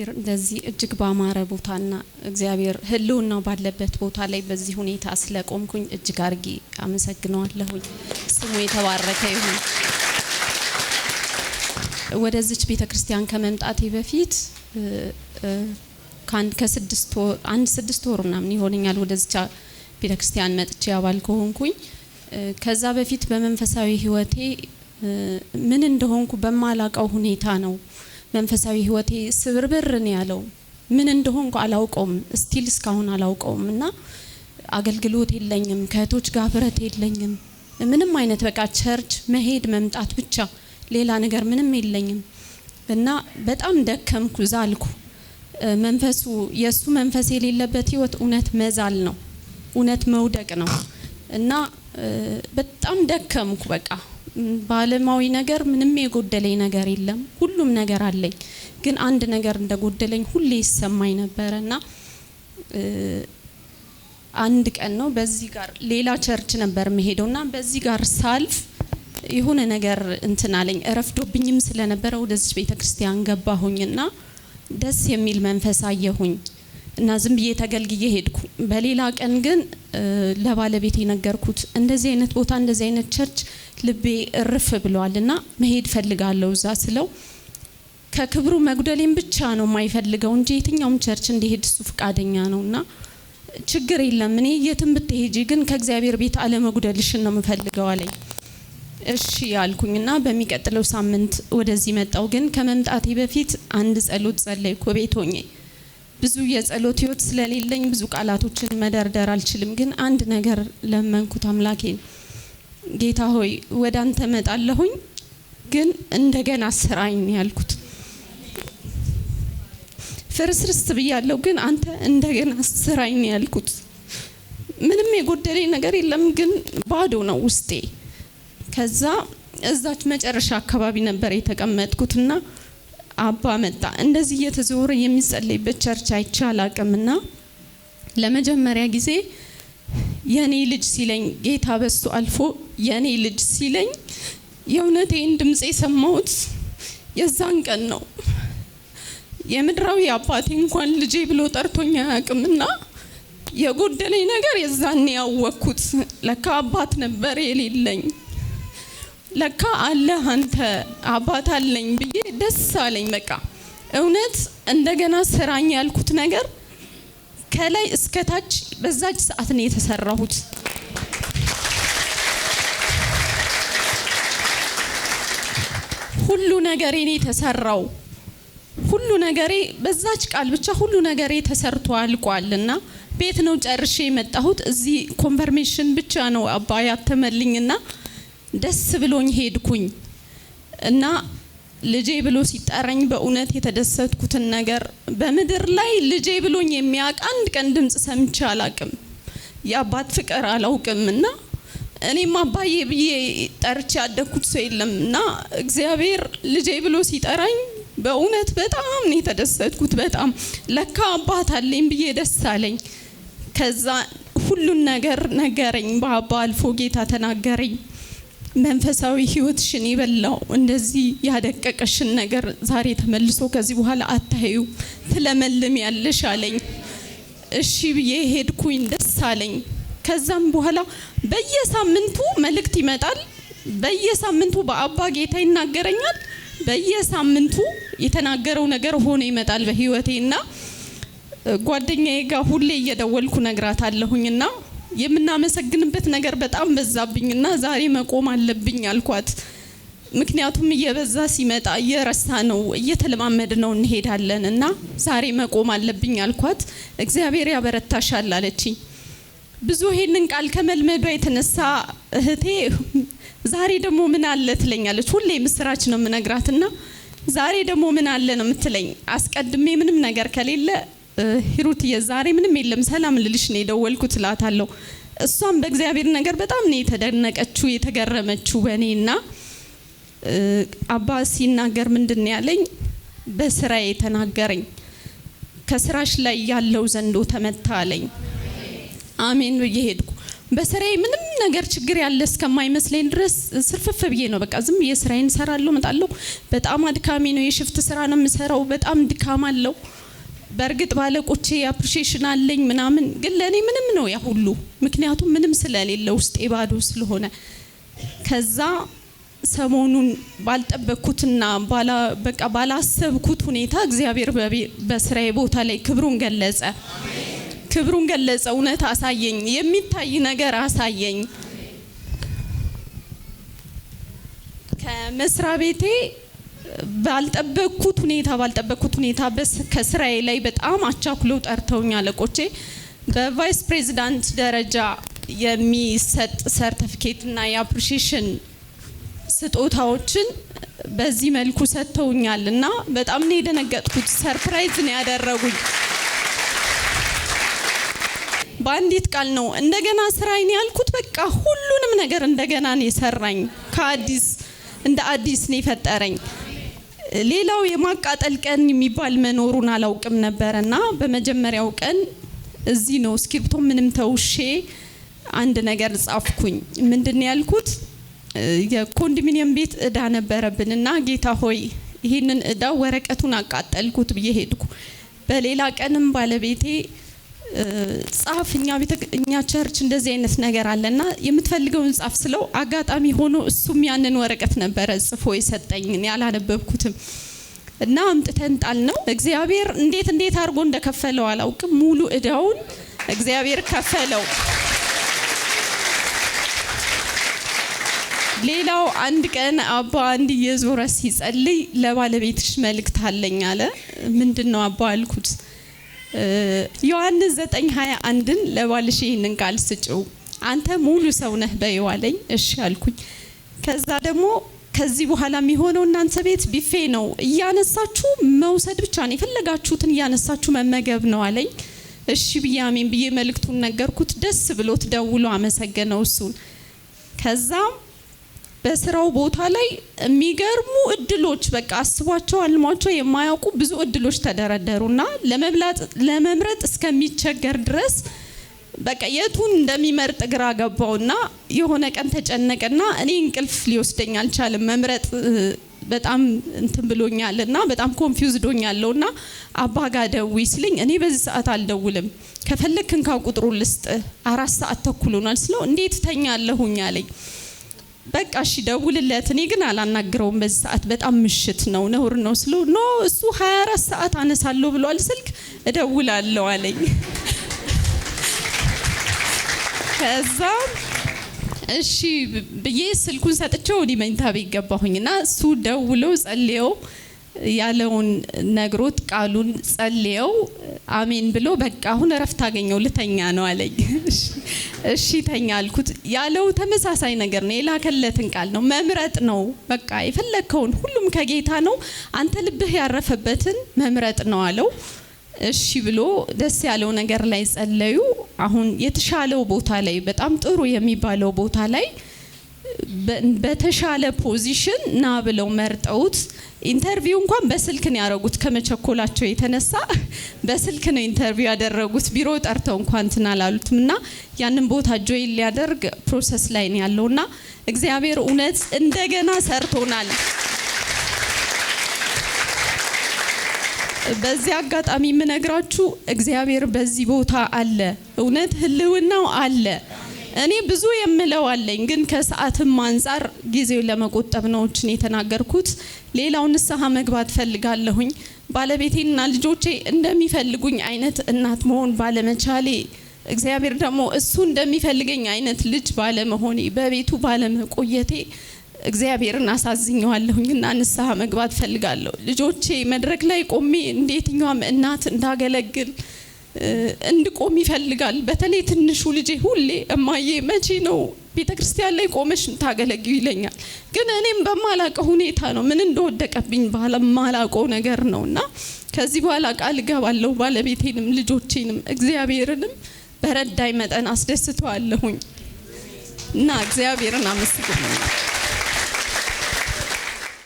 እግዚአብሔር እንደዚህ እጅግ ባማረ ቦታና እግዚአብሔር ሕልውናው ባለበት ቦታ ላይ በዚህ ሁኔታ ስለቆምኩኝ እጅግ አርጌ አመሰግነዋለሁኝ። ስሙ የተባረከ ይሁን። ወደዚች ቤተ ክርስቲያን ከመምጣቴ በፊት አንድ ስድስት ወር ምናምን ይሆነኛል ወደዚች ቤተ ክርስቲያን መጥቼ አባል ከሆንኩኝ። ከዛ በፊት በመንፈሳዊ ሕይወቴ ምን እንደሆንኩ በማላቀው ሁኔታ ነው መንፈሳዊ ህይወቴ ስብርብር ነው ያለው። ምን እንደሆንኩ አላውቀውም፣ ስቲል እስካሁን አላውቀውም። እና አገልግሎት የለኝም፣ ከእህቶች ጋር ህብረት የለኝም፣ ምንም አይነት በቃ ቸርች መሄድ መምጣት ብቻ፣ ሌላ ነገር ምንም የለኝም። እና በጣም ደከምኩ፣ ዛልኩ። መንፈሱ የእሱ መንፈስ የሌለበት ህይወት እውነት መዛል ነው፣ እውነት መውደቅ ነው። እና በጣም ደከምኩ በቃ በአለማዊ ነገር ምንም የጎደለኝ ነገር የለም። ሁሉም ነገር አለኝ። ግን አንድ ነገር እንደጎደለኝ ሁሌ ይሰማኝ ነበረ እና አንድ ቀን ነው በዚህ ጋር ሌላ ቸርች ነበር መሄደው እና በዚህ ጋር ሳልፍ የሆነ ነገር እንትን አለኝ። እረፍዶብኝም ስለነበረ ወደዚች ቤተ ክርስቲያን እና ደስ የሚል መንፈስ አየሁኝ እና ዝም ብዬ ተገልግዬ ሄድኩ። በሌላ ቀን ግን ለባለቤት የነገርኩት እንደዚህ አይነት ቦታ እንደዚህ አይነት ቸርች ልቤ እርፍ ብለዋል መሄድ ፈልጋለሁ እዛ ስለው ከክብሩ መጉደሌን ብቻ ነው የማይፈልገው እንጂ የትኛውም ቸርች እንዲሄድ እሱ ፈቃደኛ ነው እና ችግር የለም እኔ የትም ብትሄጂ ግን ከእግዚአብሔር ቤት አለመጉደልሽን ነው የምፈልገው አለኝ። እሺ ያልኩኝና በሚቀጥለው ሳምንት ወደዚህ መጣው። ግን ከመምጣቴ በፊት አንድ ጸሎት ጸለይኩ ቤት ሆኜ። ብዙ የጸሎት ህይወት ስለሌለኝ ብዙ ቃላቶችን መደርደር አልችልም። ግን አንድ ነገር ለመንኩት ነው ጌታ ሆይ ወደ አንተ መጣለሁኝ፣ ግን እንደገና ስራኝ ያልኩት ፍርስርስ ብያለሁ፣ ግን አንተ እንደገና ስራኝ ያልኩት። ምንም የጎደለኝ ነገር የለም፣ ግን ባዶ ነው ውስጤ። ከዛ እዛች መጨረሻ አካባቢ ነበር የተቀመጥኩትና አባ መጣ። እንደዚህ እየተዞረ የሚጸለይበት ቸርች አይቼ አላቅምና ለመጀመሪያ ጊዜ የኔ ልጅ ሲለኝ ጌታ በሱ አልፎ የኔ ልጅ ሲለኝ የእውነቴን ድምፅ የሰማሁት የዛን ቀን ነው። የምድራዊ አባቴ እንኳን ልጄ ብሎ ጠርቶኝ አያውቅምና የጎደለኝ ነገር የዛኔ ያወቅኩት ለካ አባት ነበር የሌለኝ። ለካ አለህ አንተ አባት አለኝ ብዬ ደስ አለኝ። በቃ እውነት እንደገና ስራኝ ያልኩት ነገር ከላይ እስከታች በዛች ሰዓት ነው የተሰራሁት። ሁሉ ነገሬ እኔ ተሰራው ሁሉ ነገሬ በዛች ቃል ብቻ ሁሉ ነገሬ ተሰርቶ አልቋልና ቤት ነው ጨርሼ የመጣሁት። እዚህ ኮንፈርሜሽን ብቻ ነው አባ ያተመልኝና ደስ ብሎኝ ሄድኩኝ እና ልጄ ብሎ ሲጠራኝ በእውነት የተደሰትኩትን ነገር በምድር ላይ ልጄ ብሎኝ የሚያውቅ አንድ ቀን ድምፅ ሰምቼ አላቅም። የአባት ፍቅር አላውቅም እና እኔም አባዬ ብዬ ጠርቼ ያደግኩት ሰው የለም እና እግዚአብሔር ልጄ ብሎ ሲጠራኝ በእውነት በጣም ነው የተደሰትኩት። በጣም ለካ አባት አለኝ ብዬ ደስ አለኝ። ከዛ ሁሉን ነገር ነገረኝ። በአባ አልፎ ጌታ ተናገረኝ። መንፈሳዊ ሽን የበላው እንደዚህ ያደቀቀሽን ነገር ዛሬ ተመልሶ ከዚህ በኋላ አታዩ ትለመልም ያለሽ አለኝ። እሺ ብዬ ሄድኩኝ። ደስ አለኝ። ከዛም በኋላ በየሳምንቱ መልእክት ይመጣል። በየሳምንቱ በአባ ጌታ ይናገረኛል። በየሳምንቱ የተናገረው ነገር ሆኖ ይመጣል በህይወቴና ጓደኛዬ ጋር ሁሌ እየደወልኩ ነግራታለሁኝና የምናመሰግንበት ነገር በጣም በዛብኝና ዛሬ መቆም አለብኝ አልኳት። ምክንያቱም እየበዛ ሲመጣ እየረሳ ነው እየተለማመድ ነው እንሄዳለን እና ዛሬ መቆም አለብኝ አልኳት። እግዚአብሔር ያበረታሻል አለችኝ። ብዙ ይሄንን ቃል ከመልመዷ የተነሳ እህቴ ዛሬ ደግሞ ምን አለ ትለኛለች። ሁሌ ምስራች ነው የምነግራትና ዛሬ ደግሞ ምን አለ ነው የምትለኝ። አስቀድሜ ምንም ነገር ከሌለ ሂሩትዬ ዛሬ ምንም የለም ሰላም ልልሽ ነው የደወልኩት እላታለሁ። እሷም በእግዚአብሔር ነገር በጣም ነው የተደነቀችው የተገረመችው በእኔና አባ ሲናገር ምንድን ያለኝ በስራ የተናገረኝ ከስራሽ ላይ ያለው ዘንዶ ተመታ አለኝ። አሜን ብዬ ሄድኩ። በስራዬ ምንም ነገር ችግር ያለ እስከማይመስለኝ ድረስ ስርፍፍ ብዬ ነው በቃ ዝም ብዬ ስራዬን እሰራለሁ፣ እመጣለሁ። በጣም አድካሚ ነው፣ የሽፍት ስራ ነው የምሰራው። በጣም ድካም አለው። በእርግጥ ባለቆቼ አፕሪሺዬሽን አለኝ ምናምን፣ ግን ለእኔ ምንም ነው ያ ሁሉ፣ ምክንያቱም ምንም ስለሌለ ውስጤ ባዶ ስለሆነ ከዛ ሰሞኑን ባልጠበቅኩትና በቃ ባላሰብኩት ሁኔታ እግዚአብሔር በስራዬ ቦታ ላይ ክብሩን ገለጸ። ክብሩን ገለጸ። እውነት አሳየኝ፣ የሚታይ ነገር አሳየኝ። ከመስሪያ ቤቴ ባልጠበቅኩት ሁኔታ ባልጠበቅኩት ሁኔታ በስ ከስራዬ ላይ በጣም አቻኩለው ጠርተውኝ አለቆቼ በቫይስ ፕሬዚዳንት ደረጃ የሚሰጥ ሰርተፊኬትና የአፕሪሺሽን ስጦታዎችን በዚህ መልኩ ሰጥተውኛል እና በጣም ነው የደነገጥኩት። ሰርፕራይዝ ነው ያደረጉኝ። በአንዲት ቃል ነው እንደገና ስራዬን ያልኩት። በቃ ሁሉንም ነገር እንደገና ነው የሰራኝ። ከአዲስ እንደ አዲስ ነው የፈጠረኝ። ሌላው የማቃጠል ቀን የሚባል መኖሩን አላውቅም እና በመጀመሪያው ቀን እዚህ ነው እስክሪብቶ ምንም ተውሼ አንድ ነገር ጻፍኩኝ። ምንድን ያልኩት የኮንዶሚኒየም ቤት እዳ ነበረብን እና ጌታ ሆይ ይህንን እዳ ወረቀቱን አቃጠልኩት ብዬ ሄድኩ። በሌላ ቀንም ባለቤቴ ጻፍ እኛ ቤተ እኛ ቸርች እንደዚህ አይነት ነገር አለና የምትፈልገውን ጻፍ ስለው አጋጣሚ ሆኖ እሱም ያንን ወረቀት ነበረ ጽፎ የሰጠኝ እኔ አላነበብኩትም እና አምጥተን ጣል ነው እግዚአብሔር እንዴት እንዴት አድርጎ እንደከፈለው አላውቅም ሙሉ እዳውን እግዚአብሔር ከፈለው ሌላው አንድ ቀን አባ አንድ እየዞረ ሲጸልይ ለባለቤትሽ መልእክት አለኝ አለ ምንድን ነው አባ አልኩት ዮሐንስ 9:21ን ለባልሽ ይህንን ቃል ስጭው አንተ ሙሉ ሰው ነህ በይዋለኝ። እሺ አልኩኝ። ከዛ ደግሞ ከዚህ በኋላ የሚሆነው እናንተ ቤት ቢፌ ነው፣ እያነሳችሁ መውሰድ ብቻ ነው፣ የፈለጋችሁትን እያነሳችሁ መመገብ ነው አለኝ። እሺ ብዬ አሜን ብዬ መልእክቱን ነገርኩት። ደስ ብሎት ደውሎ አመሰገነው እሱን ከዛም በስራው ቦታ ላይ የሚገርሙ እድሎች በቃ አስቧቸው አልሟቸው የማያውቁ ብዙ እድሎች ተደረደሩና ለመብላጥ ለመምረጥ እስከሚቸገር ድረስ በቃ የቱን እንደሚመርጥ ግራ ገባውና የሆነ ቀን ተጨነቀና እኔ እንቅልፍ ሊወስደኝ አልቻለም። መምረጥ በጣም እንትን ብሎኛል ብሎኛልና በጣም ኮንፊውዝ ዶኛለው ሆኛለሁና አባ ጋ ደዊ ስልኝ እኔ በዚህ ሰዓት አልደውልም፣ ከፈለክ እንካ ቁጥሩ ልስጥ፣ አራት ሰዓት ተኩል ሆኗል ስለው እንዴት ተኛለሁኝ አለኝ። በቃ እሺ ደውልለት። እኔ ግን አላናግረውም በዚህ ሰዓት በጣም ምሽት ነው ነውር ነው ስለ ኖ እሱ 24 ሰዓት አነሳለሁ ብሏል። ስልክ እደውላለሁ አለኝ። ከዛ እሺ ብዬ ስልኩን ሰጥቼው ወዲህ መኝታ ቤት ገባሁኝና እሱ ደውሎ ጸልየው ያለውን ነግሮት ቃሉን ጸልየው አሜን ብሎ በቃ አሁን እረፍት አገኘው ልተኛ ነው አለኝ። እሺ ተኛ አልኩት። ያለው ተመሳሳይ ነገር ነው። የላከለትን ቃል ነው መምረጥ ነው። በቃ የፈለግከውን ሁሉም ከጌታ ነው። አንተ ልብህ ያረፈበትን መምረጥ ነው አለው። እሺ ብሎ ደስ ያለው ነገር ላይ ጸለዩ። አሁን የተሻለው ቦታ ላይ በጣም ጥሩ የሚባለው ቦታ ላይ በተሻለ ፖዚሽን ና ብለው መርጠውት ኢንተርቪው እንኳን በስልክ ነው ያደረጉት። ከመቸኮላቸው የተነሳ በስልክ ነው ኢንተርቪው ያደረጉት። ቢሮ ጠርተው እንኳን እንትን አላሉትም ና ያንን ቦታ ጆይን ሊያደርግ ፕሮሰስ ላይ ነው ና እግዚአብሔር እውነት እንደገና ሰርቶናል። በዚህ አጋጣሚ የምነግራችሁ እግዚአብሔር በዚህ ቦታ አለ፣ እውነት ህልውናው አለ። እኔ ብዙ የምለው አለኝ፣ ግን ከሰዓትም አንጻር ጊዜውን ለመቆጠብ ነው እችን የተናገርኩት። ሌላው ንስሐ መግባት ፈልጋለሁኝ። ባለቤቴና ልጆቼ እንደሚፈልጉኝ አይነት እናት መሆን ባለመቻሌ እግዚአብሔር ደግሞ እሱ እንደሚፈልገኝ አይነት ልጅ ባለመሆኔ በቤቱ ባለመቆየቴ እግዚአብሔርን አሳዝኘዋለሁኝ እና ንስሐ መግባት ፈልጋለሁ። ልጆቼ መድረክ ላይ ቆሜ እንዴትኛዋም እናት እንዳገለግል እንድቆም ይፈልጋል። በተለይ ትንሹ ልጄ ሁሌ እማዬ መቼ ነው ቤተ ክርስቲያን ላይ ቆመሽ ታገለግዩ ይለኛል። ግን እኔም በማላቀው ሁኔታ ነው ምን እንደወደቀብኝ ባለ ማላቀው ነገር ነው እና ከዚህ በኋላ ቃል እገባለሁ ባለቤቴንም ልጆቼንም እግዚአብሔርንም በረዳይ መጠን አስደስተዋለሁኝ እና እግዚአብሔርን አመስግናለሁ።